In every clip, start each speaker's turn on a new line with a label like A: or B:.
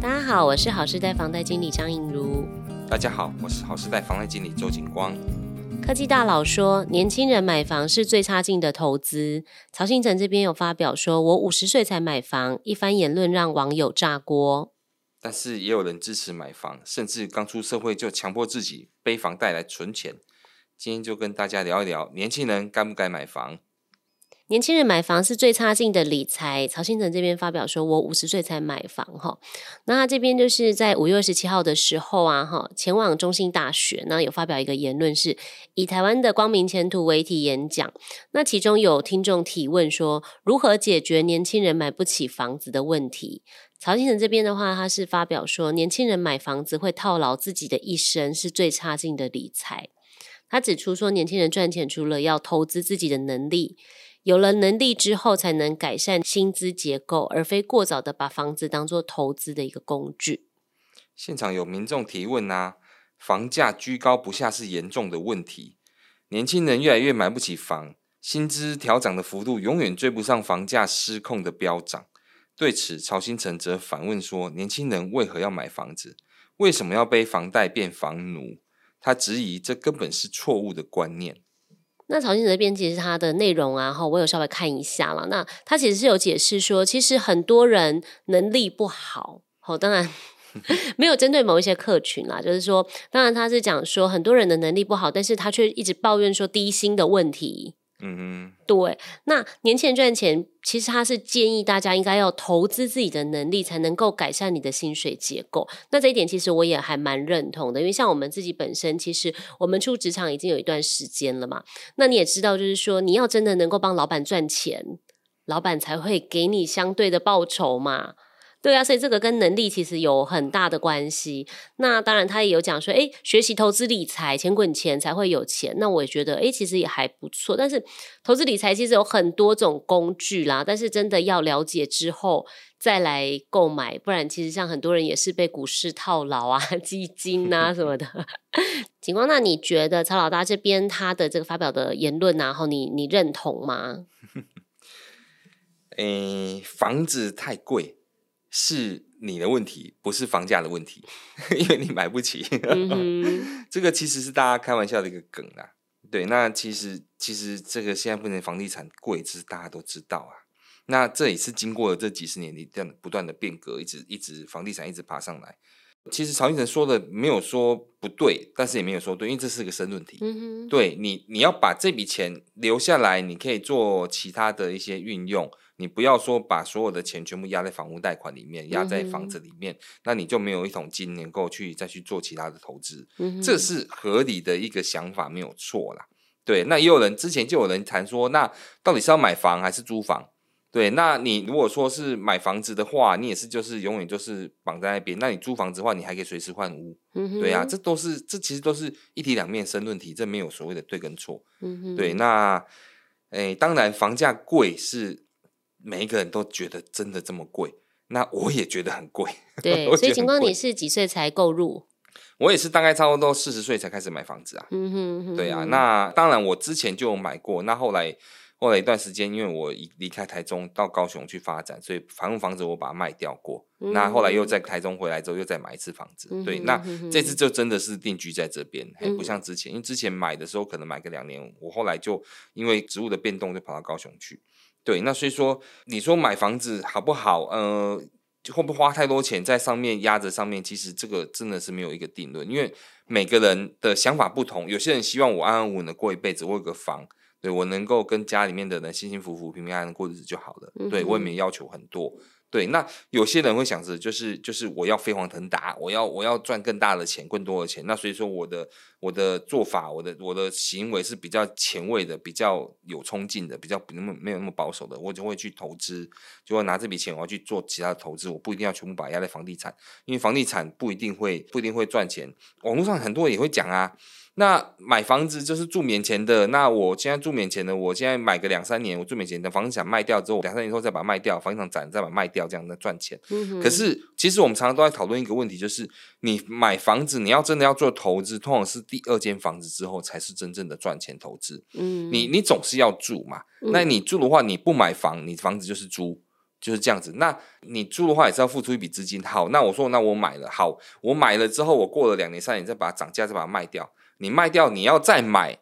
A: 大家好，我是好事貸房貸經理張穎如。
B: 大家好，我是好事貸房貸經理周景光。
A: 科技大老說，年輕人買房是最差勁的投資。曹興誠這邊有發表說，我五十歲才買房，一番言論讓網友炸鍋。
B: 但是也有人支持買房，甚至剛出社會就強迫自己背房貸來存錢。今天就跟大家聊一聊，年輕人該不該買房？
A: 年輕人買房是最差勁的理財。曹興誠這邊發表說：“我五十歲才買房，哈，那他這邊就是在五月二十七號的時候啊，哈，前往中興大學，那有發表一個言論是，是以台灣的光明前途為題演講。那其中有聽眾提問說，如何解決年輕人買不起房子的問題？曹興誠這邊的話，他是發表說，年輕人買房子會套牢自己的一生，是最差勁的理財。他指出說，年輕人賺錢除了要投資自己的能力。”有了能力之後，才能改善薪資結構，而非過早的把房子當做投資的一
B: 個工具。現場有民眾提問啊，房價居高不下是嚴重的問題，年輕人越來越買不起房，薪資調漲的幅度永遠追不上房價失控的飆漲。對此，曹興誠則反問說：年輕人為何要買房子？為什麼要背房貸變房奴？他質疑這根本是錯誤的觀念。
A: 那曹先生這邊其實他的內容啊，哈，我有稍微看一下啦。那他其實是有解釋說，其實很多人能力不好，好，當然沒有針對某一些客群啦， 就是說，當然他是講說很多人的能力不好，但是他卻一直抱怨說低薪的問題。嗯，對，那年輕人賺錢，其實他是建議大家應該要投資自己的能力，才能夠改善你的薪水結構。那這一點其實我也還蠻認同的，因為像我們自己本身，其實我們出職場已經有一段時間了嘛。那你也知道，就是說你要真的能夠幫老闆賺錢，老闆才會給你相對的報酬嘛。對啊，所以這個跟能力其實有很大的關係。那當然，他也有講說，哎，學習投資理財，錢滾錢才會有錢。那我也覺得，哎，其實也還不錯。但是，投資理財其實有很多種工具啦，但是真的要了解之後再來購買，不然其實像很多人也是被股市套牢啊，基金啊什麼的。 景光，那你覺得曹老大這邊他的這個發表的言論啊，然後你你認同嗎？
B: 嗯，房子太貴。是你的問題，不是房價的問題， 因為你買不起。 這個其實是大家開玩笑的一個梗啦。對，那其實其實這個現在不能房地產貴，這是大家都知道啊。那這也是經過了這幾十年你這樣不斷的變革，一直一直房地產一直爬上來。其實曹興誠說的沒有說不對，但是也沒有說對，因為這是個申論題。嗯哼、對你，你要把這筆錢留下來，你可以做其他的一些運用，你不要說把所有的錢全部壓在房屋貸款裡面，壓在房子裡面，嗯哼，那你就沒有一桶金能夠去再去做其他的投資，嗯哼。這是合理的一個想法，沒有錯啦。對，那也有人之前就有人談說，那到底是要買房還是租房？對，那你如果說是買房子的話，你也是就是永遠就是綁在那邊。那你租房子的話，你還可以隨時換屋。嗯、哼哼對呀、啊，這都是這其實都是一體兩面申論題，這沒有所謂的對跟錯。嗯、哼哼對，那哎，當然房價貴是每一個人都覺得真的這麼貴，那我也覺得很貴。對， 所以請問你
A: 是幾歲才購入？
B: 我也是大概差不多四十歲才開始買房子啊。嗯哼,
A: 哼,哼對啊，那
B: 當然我之前就買過，那後來。後來一段時間，因為我一離開台中到高雄去發展，所以房屋房子我把它賣掉過，嗯。那後來又在台中回來之後，又再買一次房子。嗯、對，那這次就真的是定居在這邊，還、嗯、不像之前。因為之前買的時候可能買個兩年，嗯，我後來就因為職務的變動，就跑到高雄去。對，那所以說，你說買房子好不好？呃，會不會花太多錢在上面壓着上面？其實這個真的是沒有一個定論，因為每個人的想法不同。有些人希望我安安穩穩的過一輩子，我有個房。對，我能夠跟家裡面的人幸幸福福，平平安安過日子就好了。嗯、對，我也沒要求很多。對，那有些人會想着，就是就是我要飛黃騰達，我要我要賺更大的錢，更多的錢。那所以說我的。我的做法，我的我的行為是比較前衛的，比較有衝勁的，比較不那麼沒有那麼保守的。我就會去投資，就會拿這筆錢，我要去做其他的投資，我不一定要全部把它壓在房地產，因為房地產不一定會不一定會賺錢。網絡上很多人也會講啊，那買房子就是住免錢的，那我現在住免錢的，我現在買個兩三年，我住免錢的房地產賣掉之後，兩三年之後再把它賣掉，房地產展再把它賣掉，這樣的賺錢。嗯。可是其實我們常常都在討論一個問題，就是你買房子你要真的要做投資，通常是第二間房子之後才是真正的賺錢投資。嗯，你你總是要住嘛、嗯？那你住的話，你不買房，你房子就是租，就是這樣子。那你租的話，也是要付出一筆資金。好，那我說，那我買了。好，我買了之後，我過了兩年三年再把它漲價，再把它賣掉。你賣掉，你要再買。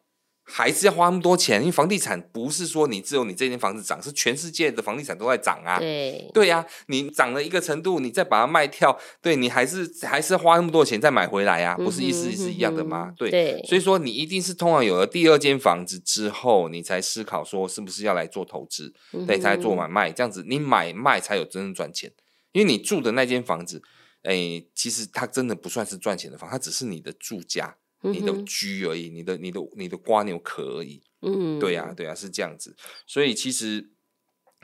B: 還是要花那麼多錢，因為房地產不是說你只有你這間房子漲，是全世界的房地產都在漲啊。對對呀、啊，你漲了一個程度，你再把它賣掉，對，你還是還是要花那麼多錢再買回來呀、啊？不是意思意思一樣的嗎？嗯哼，嗯哼，對？對，所以說你一定是通常有了第二間房子之後，你才思考說是不是要來做投資，對，才來做買賣。這樣子，你買賣才有真正賺錢，因為你住的那間房子，哎、欸，其實它真的不算是賺錢的房，它只是你的住家，你的居而已，你的你的你的蝸牛殼而已，嗯，已嗯，對呀、啊、對呀、啊、是這樣子，所以其實。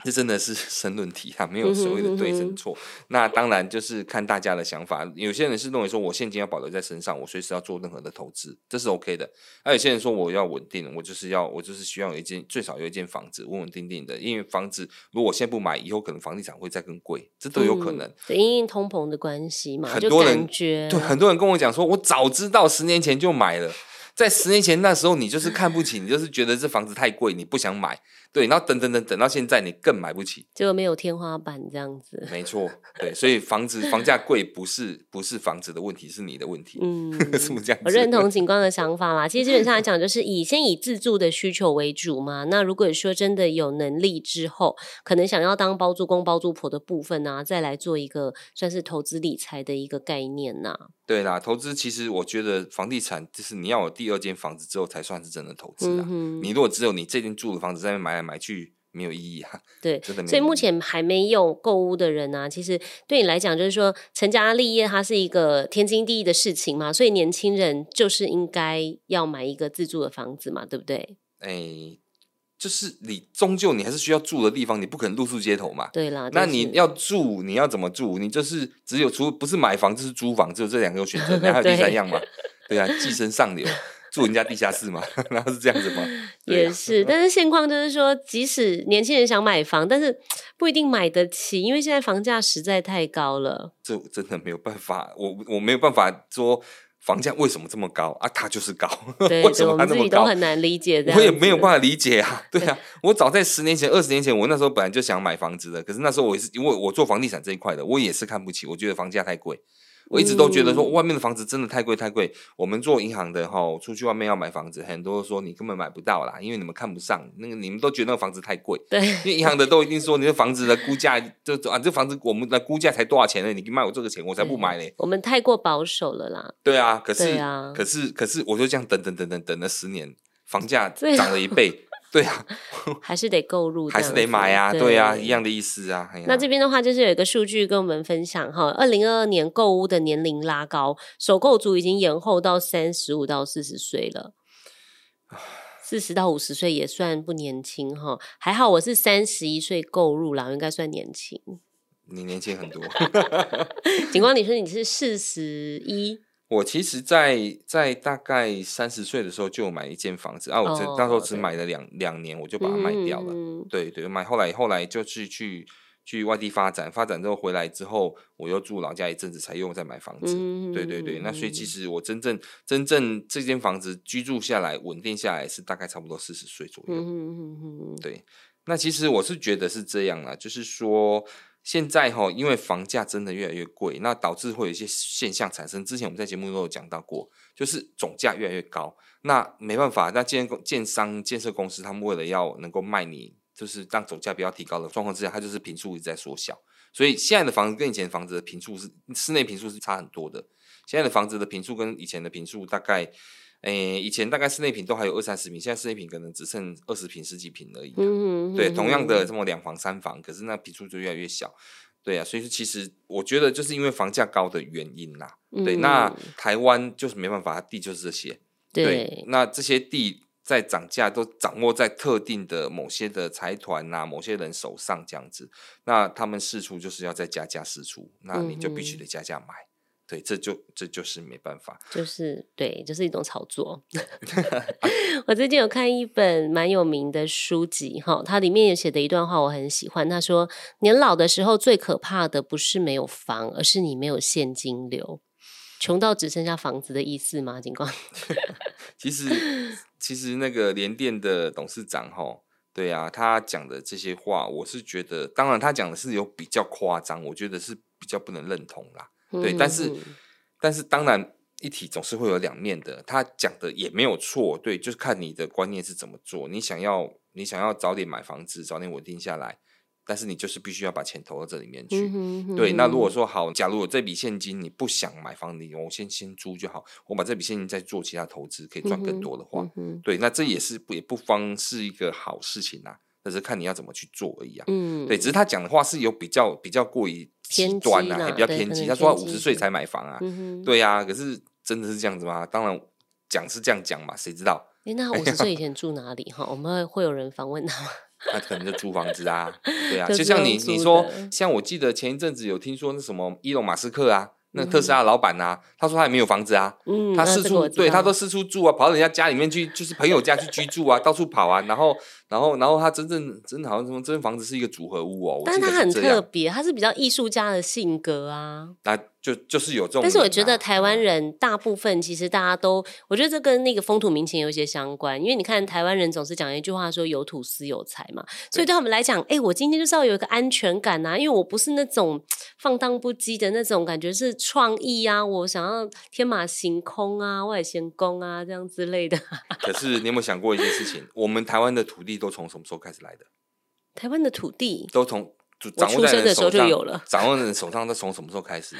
B: 這真的是申論題啊，沒有所謂的對跟錯，嗯。那當然就是看大家的想法。有些人是認為說，我現金要保留在身上，我隨時要做任何的投資，這是 OK 的。而有些人說，我要穩定，我就是要，我就是需要有一間最少有一間房子，穩穩定定的。因為房子如果我現在不買，以後可能房地產會再更貴，這都有可能。
A: 對，因為通膨的關係嘛，很多人對，很
B: 多人跟我講說，我早知道十年前就買了，在十年前那時候你就是看不起，你就是覺得這房子太貴，你不想買。對，然後等等等等到現在，你更買不起，
A: 結果沒有天花板這樣
B: 子。沒錯，對，所以房子 房價貴不是，不是房子的問題，是你的問題。嗯，什 麼這樣子？我認同
A: 警官的想法啦。其實基本上來講，就是以先以自住的需求為主嘛。那如果說真的有能力之後，可能想要當包租公包租婆的部分啊，再來做一個算是投資理財的一個概念吶、啊。
B: 對啦，投資其實我覺得房地產就是你要有第二間房子之後才算是真的投資啊。嗯、你如果只有你這間住的房子，在那邊買。買去沒有意義哈、啊，對，
A: 真的沒有。所以目前還沒有購物的人啊，其實對你來講，就是說成家立業，他是一個天經地義的事情嘛。所以年輕人就是應該要買一個自住的房子嘛，對不對？
B: 哎，就是你終究你還是需要住的地方，你不可能露宿街頭嘛。對了，那你要住，你要怎麼住？你就是只有除不是買房就是租房，只有這兩個選擇，你還有第三樣嘛 對？對啊，寄生上流。 住人家地下室嘛， 然後是這樣子嗎？啊、
A: 也是，但是現況就是說，即使年輕人想買房，但是不一定買得起，因為現在房價實在太高了。
B: 這真的沒有辦法，我我沒有辦法說房價為什麼這麼高啊？它就是高， 對，為什麼它那麼高？都很
A: 難理解的，我也沒
B: 有辦法理解啊。對啊，對我早在十年前、二十年前，我那時候本來就想買房子的，可是那時候我也是因為我做房地產這一塊的，我也是看不起，我覺得房價太貴。我一直都覺得說外面的房子真的太貴太貴，嗯。我們做銀行的齁，出去外面要買房子，很多說你根本買不到啦，因為你們看不上那個，你們都覺得那個房子太貴。
A: 對，因為銀行
B: 的都一定說你這房子的估價就啊，這房子我們的估價才多少錢呢？你賣我這個錢，我才不買呢。」我
A: 們太過保守了啦。
B: 對啊，可是，啊，可是，可是，我就這樣等等等等等了十年，房價漲了一倍。對
A: 啊，還是得購入，還是得買呀、啊，對呀、啊啊，
B: 一樣的意思啊。那這
A: 邊的話，就是有一個數據跟我們分享哈，二零二二年購屋的年齡拉高，首購族已經延後到三十五到四十歲了，四十到五十歲也算不年輕哈。還好我是三十一歲購入啦，應該算年輕。
B: 你年輕很多，
A: 警官，你說你是四十一。
B: 我其實在，在在大概三十歲的時候就有買一間房子啊，我這，我只那時候只買了兩兩年，我就把它賣掉了。Mm -hmm. 對對，賣後來後來就是去去外地發展，發展之後回來之後，我又住老家一陣子，才又再買房子。Mm -hmm. 對對對，那所以其實我真正真正這間房子居住下來、穩定下來是大概差不多四十歲左右。Mm -hmm. 對，那其實我是覺得是這樣啊，就是說。現在哈，因為房價真的越來越貴，那導致會有一些現象產生。之前我們在節目都有講到過，就是總價越來越高，那沒辦法，那建建商、建設公司他們為了要能夠賣你，就是讓總價不要提高的狀況之下，它就是坪數一直在縮小。所以現在的房子跟以前的房子的坪數是室內坪數是差很多的。現在的房子的坪數跟以前的坪數大概，誒、欸，以前大概室內坪都還有二三十坪，現在室內坪可能只剩二十坪、十幾坪而已、啊。嗯，對嗯，同樣的這麼兩房三房，可是那坪數就越來越小。對啊，所以說其實我覺得就是因為房價高的原因啦。對，嗯、那台灣就是沒辦法，地就是這些。對，對那這些地在漲價都掌握在特定的某些的財團吶、某些人手上這樣子，那他們釋出就是要再加價釋出，那你就必須得加價買。嗯對，這就這就是沒辦法，就
A: 是對，就是一種炒作。 我最近有看一本蠻有名的書籍，哈，它裡面有寫的一段話，我很喜歡。他說：“年老的時候最可怕的不是沒有房，而是你沒有現金流，窮到只剩下房子的意思嗎？”警官，
B: 其實其實那個聯電的董事長，哈，對啊，他講的這些話，我是覺得，當然他講的是有比較誇張，我覺得是比較不能認同啦。對，但是，但是當然，一體總是會有兩面的。他講的也沒有錯，對，就是看你的觀念是怎麼做。你想要，你想要早點買房子，早點穩定下來，但是你就是必須要把錢投到這裡面去。嗯、對、嗯，那如果說好，假如有這筆現金你不想買房，你我先我先租就好，我把這筆現金再做其他投資，可以賺更多的話，嗯嗯、對，那這也是也不妨是一個好事情啊。可是看你要怎麼去做而已啊。嗯，對，只是他講的話是有比較比較過於極端啊，也比較偏激。他說他五十歲才買房啊、嗯，對啊。可是真的是這樣子嗎？當然講是這樣講嘛，誰知道？欸、那那五十歲以
A: 前住哪裡哈？哎、 我們會有人訪問
B: 他嗎？他可能就租房子啊。對啊， 就，就像你你說，像我記得前一陣子有聽說那什麼伊隆馬斯克啊，嗯、那特斯拉的老闆啊，他說他也沒有房子啊，嗯，
A: 他四處對他都
B: 四處住啊，跑到人家家裡面去，就是朋友家去居住啊， 到處跑啊，然後。然後，然後他真正真的好像什麼，這房子是一個組合屋哦。但是他很特
A: 別，他是比較藝術家的性格啊。
B: 那就就是有這種、啊。但是我覺得
A: 台灣人大部分其實大家都，我覺得這跟那個風土民情有一些相關。因為你看台灣人總是講一句話說“有土斯有財”嘛，所以對他們來講，哎，我今天就是要有一個安全感吶、啊，因為我不是那種放蕩不羈的那種感覺，是創意啊，我想要天馬行空啊，外型工啊這樣之類的。
B: 可是你有沒有想過一件事情？ 我們台灣的土地，都從什麼時候開始來的？台灣的土地都從我出生的時候就有了。掌握在人手上都從什麼時候開始？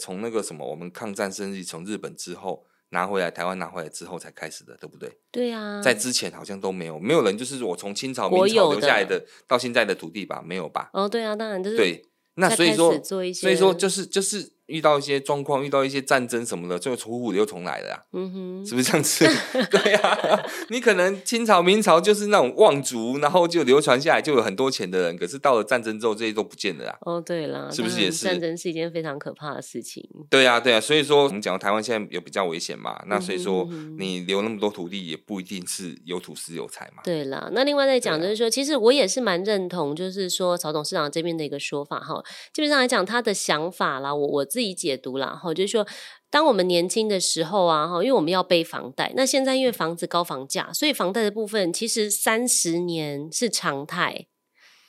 B: 從 那個什麼，我們抗戰勝利，從日本之後拿回來，台灣拿回來之後才開始的，對不對？對啊，在之前好像都沒有，沒有人就是我從清朝、明朝留下來的，的到現在的土地吧，沒有吧？哦，對啊，當然都是對。那所以說，所以說就是就是。遇到一些狀況，遇到一些戰爭什麼的，最後出古的又重來了、啊，嗯哼，是不是這樣子？ 對啊。你可能清朝、明朝就是那種望族，然後就流傳下來，就有很多錢的人。可是到了戰爭之後，這些都不見了
A: 啊。哦，對啦，是不是也是戰爭是一件非常可怕的事
B: 情？對啊對啊，所以說我們講到台灣現在有比較危險嘛。那所以說你留那麼多土地，也不一定是有土斯有財嘛。
A: 對啦，那另外再講就是說，其實我也是蠻認同，就是說曹董事長這邊的一個說法哈。基本上來講，他的想法啦，我我自己。自己解讀了哈，就是說，當我們年輕的時候啊，哈，因為我們要背房貸，那現在因為房子高房價，所以房貸的部分其實三十年是常態。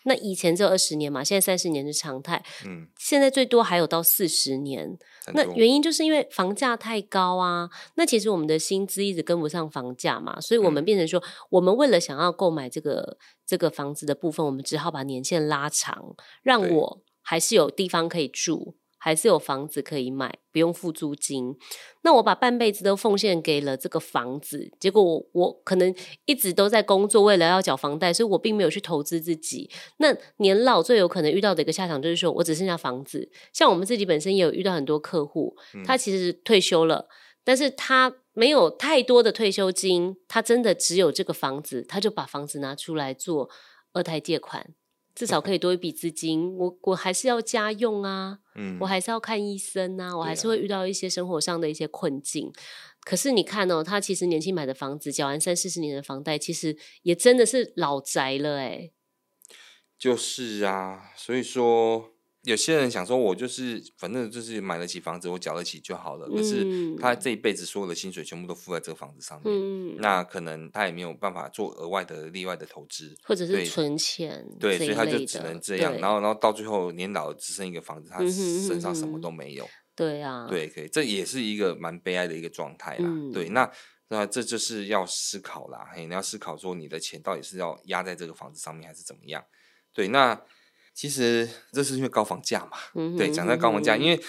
A: 那以前只有二十年嘛，現在三十年是常態。嗯，現在最多還有到四十年。那原因就是因為房價太高啊，那其實我們的薪資一直跟不上房價嘛，所以我們變成說，嗯、我們為了想要購買這個這個房子的部分，我們只好把年限拉長，讓我還是有地方可以住。還是有房子可以買，不用付租金。那我把半輩子都奉獻給了這個房子，結果我我可能一直都在工作，為了要繳房貸，所以我並沒有去投資自己。那年老最有可能遇到的一個下場就是說我只剩下房子。像我們自己本身也有遇到很多客戶，他其實退休了，嗯。但是他沒有太多的退休金，他真的只有這個房子，他就把房子拿出來做二胎借款。至少可以多一筆資金，我我還是要家用啊，嗯，我還是要看醫生啊，啊，我還是會遇到一些生活上的一些困境。可是你看哦、喔，他其實年輕買的房子，繳完三四十年的房貸，其實也真的是老宅了、欸，哎，
B: 就是啊，所以說。有些人想說，我就是反正就是買得起房子，我繳得起就好了。嗯、可是他這一輩子所有的薪水全部都付在這個房子上面、嗯，那可能他也沒有辦法做額外的、例外的投資，或者是存
A: 錢。對，所以他就只能這樣。然後，
B: 然後到最後年老只剩一個房子，嗯哼嗯哼，他身上什麼都沒有嗯哼嗯
A: 哼。對啊，
B: 對，可以，這也是一個蠻悲哀的一個狀態啦、嗯。對，那那這就是要思考啦。嘿你要思考說，你的錢到底是要壓在這個房子上面，還是怎麼樣？對，那。其實這是因為高房價嘛、嗯，對，講、嗯、在高房價、嗯，因為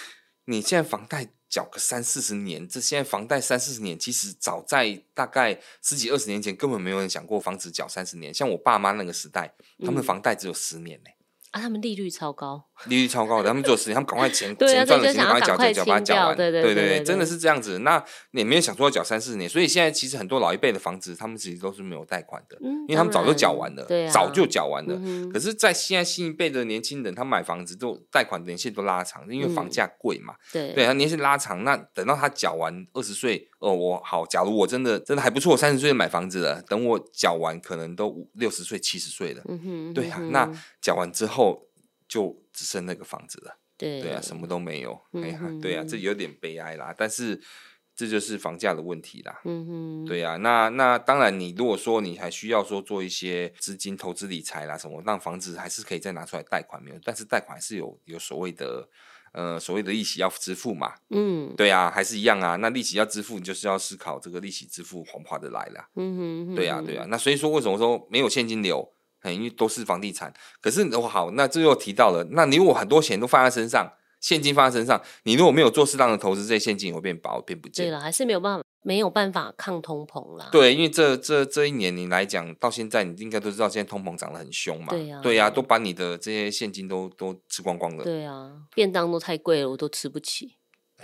B: 你現在房貸繳個三四十年，這現在房貸三四十年，其實早在大概十幾二十年前，根本沒有人想過房子繳三十年，像我爸媽那個時代，嗯、他們房貸只有十年呢、欸，
A: 啊，他們利率超高。
B: 利率超高的，他們做十年，他們趕快錢 錢賺了錢，啊、趕快繳繳繳，把它繳完。對對對，對，真的是這樣子的。那你也沒有想說繳三四年，所以現在其實很多老一輩的房子，他們其實都是沒有貸款的，嗯、因為他們早就繳完了，對啊、早就繳完了。嗯、可是，在現在新一輩的年輕人，他買房子都貸款年限都拉長，因為房價貴嘛。嗯、對對，他年限拉長，那等到他繳完二十歲，哦、呃，我好，假如我真的真的還不錯，三十歲買房子了，等我繳完，可能都六十歲七十歲了。嗯哼，對呀，那繳完之後，就只剩那個房子了。對啊對啊，什麼都沒有、嗯，
A: 哎呀，對啊，這有
B: 點悲哀啦。但是這就是房價的問題啦，嗯哼，對啊。那那當然，你如果說你還需要說做一些資金投資理財啦什麼，讓房子還是可以再拿出來貸款沒有？但是貸款還是有有所謂的呃所謂的利息要支付嘛，嗯，對啊，還是一樣啊。那利息要支付，你就是要思考這個利息支付從何而來啦。嗯哼，哼，對啊。對啊。那所以說，為什麼說沒有現金流？很因為都是房地產，可是我好，那這又提到了，那你如果很多錢都放在身上，現金放在身上，你如果沒有做適當的投資，這些現金也會變薄變不見。對
A: 了，還是沒有辦法，沒有辦法抗通膨啦。對，
B: 因為這這這一年你來講到現在，你應該都知道現在通膨漲得很兇嘛。對呀，對呀，都把你的這些現金都都吃光光了。
A: 對啊，便當都太貴了，我都吃不起。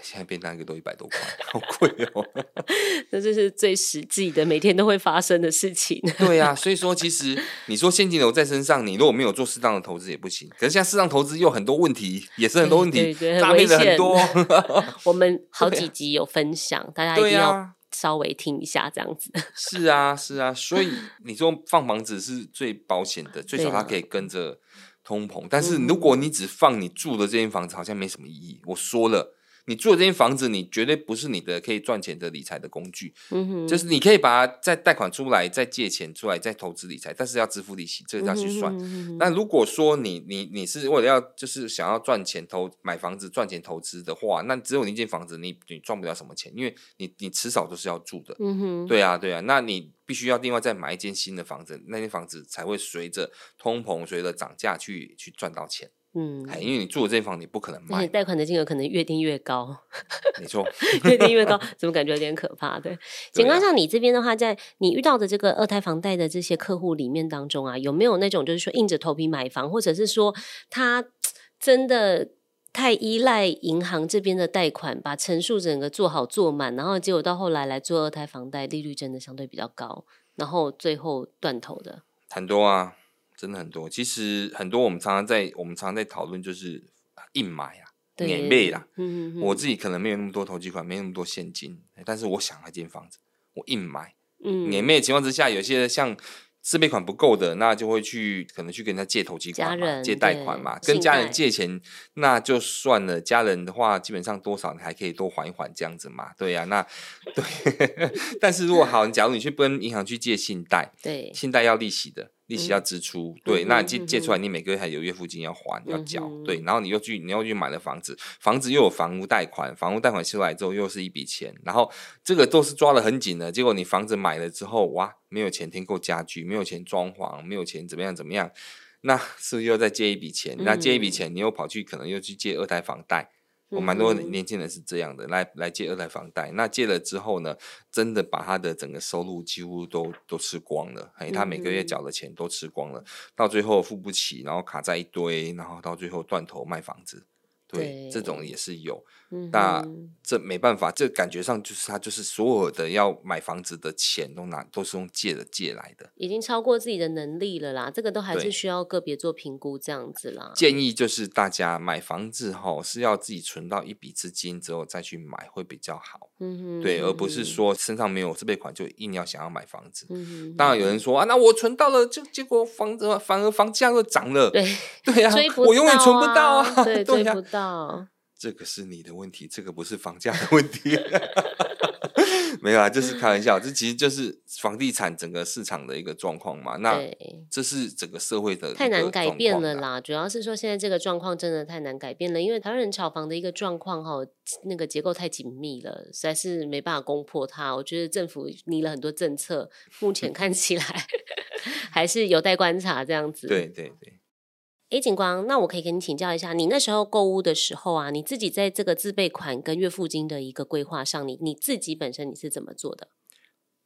B: 現在變單個都一百多塊，好貴
A: 哦！這 這是最實際的，每天都會發生的事情。 對呀、
B: 啊，所以說，其實你說現金流在身上，你如果沒有做適當的投資也不行。可是現在適當投資又有很多問題，也是很多問題，大風了很多。
A: 我們好幾集有分享、 啊，大家一定要稍微聽一下，這樣子。
B: 是啊，是啊，啊 所以你說放房子是最保險的、啊，最少它可以跟着通膨、啊。但是如果你只放你住的這間房子，好像沒什麼意義。我說了。你住的這間房子，你絕對不是你的可以賺錢的理財的工具。
A: 嗯，就是你
B: 可以把它再貸款出來，再借錢出來，再投資理財，但是要支付利息，這個要去算。嗯哼嗯哼嗯哼。那如果說你你你是為了要就是想要賺錢投買房子賺錢投資的話，那只有你那間房子你，你你賺不了什麼錢，因為你你遲早都是要住的。嗯，對啊對啊，那你必須要另外再買一間新的房子，那間房子才會隨着通膨隨着漲價去去賺到錢。嗯，因為你住的這房，你不可能賣。
A: 那你貸款的金額可能越定越高，
B: 沒錯， 越
A: 定越高， 怎麼感覺有點可怕？對，景觀上，你這邊的話，在你遇到的這個二胎房貸的這些客戶裡面當中啊，有沒有那種就是說硬着頭皮買房，或者是說他真的太依賴銀行這邊的貸款，把成數整個做好做滿，然後結果到後來來做二胎房貸，利率真的相對比較高，然後最後斷頭的
B: 很多啊。真的很多，其實很多我們常常在我們常常在討論，就是硬、啊、買啊，免背啦。嗯哼哼，我自己可能沒有那麼多投機款，沒有那麼多現金，但是我想買間房子，我硬買。嗯，免背的情況之下，有些像自備款不夠的，那就會去可能去跟人家借投機款嘛，借貸款嘛，跟家人借錢，借錢那就算了。家人的話，基本上多少你還可以多還一還這樣子嘛，對呀、啊，那對。 但是如果好，你假如你去跟銀行去借信貸，對，信貸要利息的。利息要支出，嗯、對，嗯、那借借出來，你每個月還有月付金要還，嗯、要繳、嗯，對，然後你又去，你又去買了房子，房子又有房屋貸款，房屋貸款出來之後又是一筆錢，然後這個都是抓得很緊的，結果你房子買了之後，哇，沒有錢添購家具，沒有錢裝潢，沒有錢怎麼樣怎麼樣，那是不是又再借一筆錢？嗯、那借一筆錢，你又跑去可能又去借二胎房貸。我蠻多年輕人是這樣的，嗯，來來借二代房貸，那借了之後呢，真的把他的整個收入幾乎都都吃光了，哎，他每個月繳的錢都吃光了，嗯，到最後付不起，然後卡在一堆，然後到最後斷頭賣房子對，對，這種也是有。那、嗯、這沒辦法，這感覺上就是他就是所有的要買房子的錢都拿都是用借的借來的，
A: 已經超過自己的能力了啦。這個都還是需要個別做評估這樣子啦。建
B: 議就是大家買房子吼，是要自己存到一筆資金之後再去買會比較好。嗯，對，而不是說身上沒有這筆款就硬要想要買房子。嗯、當然有人說啊，那我存到了，就結果房子反而房價又漲了。對，對呀、啊啊，我永遠存不到啊。對，對啊、存不到。這個是你的問題，這個不是房價的問題。 沒有啊，就是開玩笑，這其實就是房地產整個市場的一個狀況嘛。那這是整個社會的一個狀況，太難改變
A: 了啦，主要是說現在這個狀況真的太難改變了，因為台灣人炒房的一個狀況哈、哦，那個結構太緊密了，實在是沒辦法攻破它。我覺得政府擬了很多政策，目前看起來 還是有待觀察，這樣子。對對對。哎，警官，那我可以跟你請教一下，你那時候購屋的時候啊，你自己在這個自備款跟月付金的一個規劃上，你你自己本身你是怎麼做的？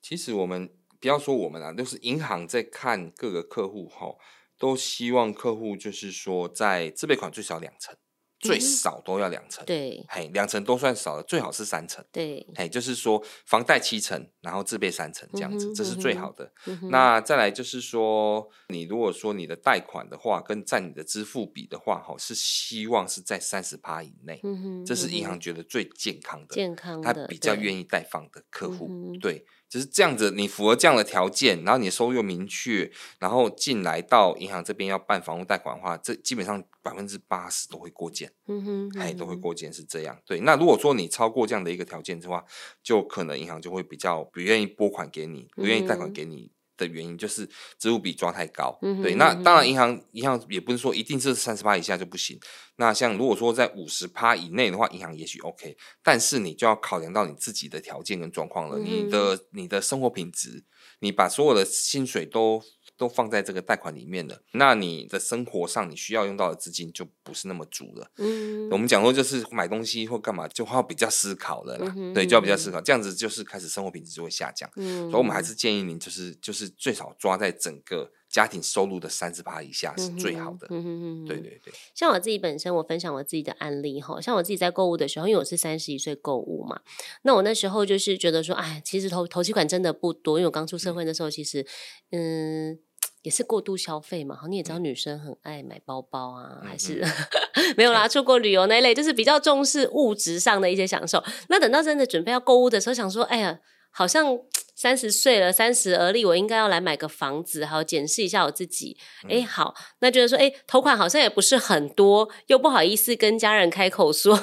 B: 其實我們不要說我們啦、啊，就是銀行在看各個客戶哈，都希望客戶就是說在自備款最少兩成、嗯，最少都要兩成，對，嘿，兩成都算少了，最好是三成，對，嘿，就是說房貸七成。然後自備三成這樣子，嗯、這是最好的、嗯嗯。那再來就是說，你如果說你的貸款的話，跟占你的支付比的話，哈，是希望是在三十趴以內。嗯哼、嗯，這是銀行覺得最健康的，
A: 健康的，他比較
B: 願意貸放的客戶、嗯對。對，就是這樣子。你符合這樣的條件，然後你的收入又明確，然後進來到銀行這邊要辦房屋貸款的話，這基本上百分之八十都會過件。嗯哼，哎，都會過件、嗯嗯、是這樣。對，那如果說你超過這樣的一個條件的話，就可能銀行就會比較。不願意撥款給你，不願意貸款給你的原因就是債務比抓太高、嗯。對，那當然銀行銀行也不是說一定是三十趴以下就不行。那像如果說在五十趴以內的話，銀行也許 OK，但是你就要考量到你自己的條件跟狀況了、嗯。你的你的生活品質，你把所有的薪水都。都放在這個貸款裡面了，那你的生活上你需要用到的資金就不是那麼足了。嗯，我們講說就是買東西或幹嘛，就要比較思考了啦。嗯、對，就要比較思考、嗯，這樣子就是開始生活品質就會下降。嗯，所以我們還是建議您，就是就是最少抓在整個家庭收入的三十八以下是最好的。嗯對
A: 對對。像我自己本身，我分享我自己的案例哈，像我自己在購物的時候，因為我是三十一歲購物嘛，那我那時候就是覺得說，哎，其實頭頭期款真的不多，因為我剛出社會的時候，其實嗯。也是過度消費嘛？好，你也知道女生很愛買包包啊，嗯嗯，還是 沒有啦？出國旅遊那一類，就是比較重視物質上的一些享受。那等到真的準備要購物的時候，想說，哎呀，好像三十歲了，三十而立，我應該要來買個房子，好檢視一下我自己。哎、嗯欸，好，那覺得說，哎、欸，頭款好像也不是很多，又不好意思跟家人開口說，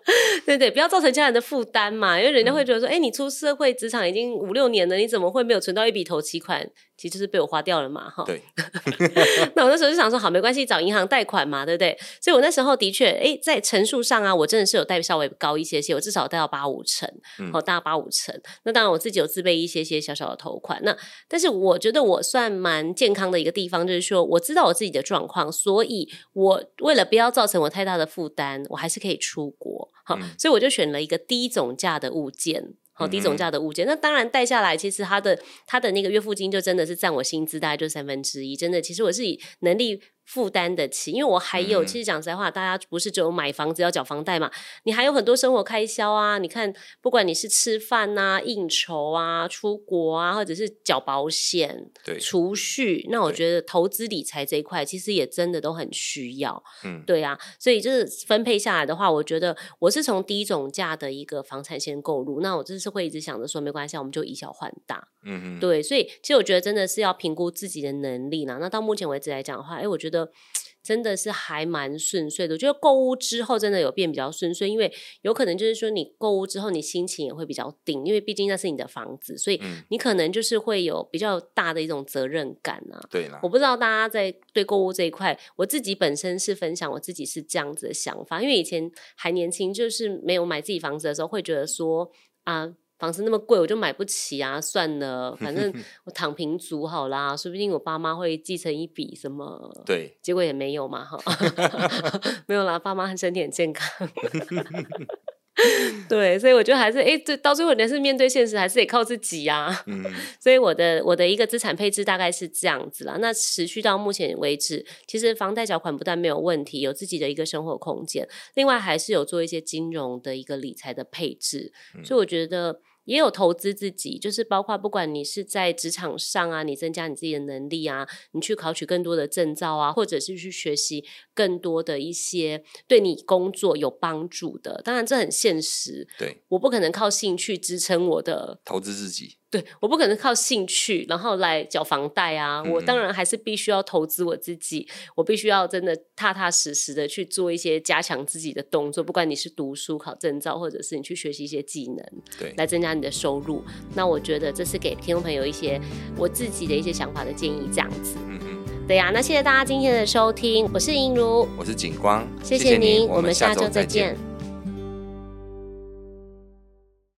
A: 對，對對，不要造成家人的負擔嘛，因為人家會覺得說，哎、嗯欸，你出社會職場已經五六年了，你怎麼會沒有存到一筆頭期款？其實是被我花掉了嘛，哈。對。 那我那時候就想說，好，沒關係，找銀行貸款嘛，對不對？所以，我那時候的確，哎，在成數上啊，我真的是有貸稍微高一些些，我至少貸到八五成，好，貸八五成。那當然，我自己有自備一些些小小的頭款。那但是，我覺得我算蠻健康的一個地方，就是說，我知道我自己的狀況，所以我為了不要造成我太大的負擔，我還是可以出國哈、嗯哦。所以我就選了一個低總價的物件。哦，低總價的物件，那當然貸下來，其實他的他的那個月付金就真的是占我薪資，大概就三分之一，真的，其實我自己能力。負擔得起，因為我還有，嗯、其實講實在話，大家不是只有買房子要繳房貸嘛？你還有很多生活開銷啊！你看，不管你是吃飯啊、應酬啊、出國啊，或者是繳保險、對儲蓄，那我覺得投資理財這一塊，其實也真的都很需要。嗯，對啊，所以就是分配下來的話，我覺得我是從低總價的一個房產先購入，那我就是會一直想着說，沒關係，我們就以小換大。嗯，對，所以其實我覺得真的是要評估自己的能力呢。那到目前為止來講的話，哎、欸，我覺得。真的是還蠻順遂的，我覺得購物之後真的有變比較順遂，因為有可能就是說你購物之後，你心情也會比較定，因為畢竟那是你的房子，所以你可能就是會有比較大的一種責任感啊。嗯、對啦，我不知道大家在對購物這一塊，我自己本身是分享我自己是這樣子的想法，因為以前還年輕，就是沒有買自己房子的時候，會覺得說啊。房子那麼貴，我就買不起啊！算了，反正我躺平就好啦， 說不定我爸媽會繼承一筆什麼，對，結果也沒有嘛，哈， 沒有啦，爸媽很身體很健康， 對，所以我覺得還是，哎，這到最後還是面對現實，還是得靠自己啊。嗯、所以我的我的一個資產配置大概是這樣子啦。那持續到目前為止，其實房貸繳款不但沒有問題，有自己的一個生活空間，另外還是有做一些金融的一個理財的配置，嗯、所以我覺得。也有投資自己，就是包括不管你是在職場上啊，你增加你自己的能力啊，你去考取更多的證照啊，或者是去學習更多的一些對你工作有幫助的。當然，這很現實，對，我不可能靠興趣支撐我的
B: 投資自己。
A: 對，我不可能靠興趣然後來繳房貸啊。嗯嗯！我當然還是必須要投資我自己，我必須要真的踏踏實實的去做一些加強自己的動作，不管你是讀書、考證照，或者是你去學習一些技能，對，來增加你的收入。那我覺得這是給聽眾朋友一些我自己的一些想法的建議，這樣子。嗯嗯，對呀，那謝謝大家今天的收聽，我是瑩如，
B: 我是景光，謝謝您，我們下週再見。再見。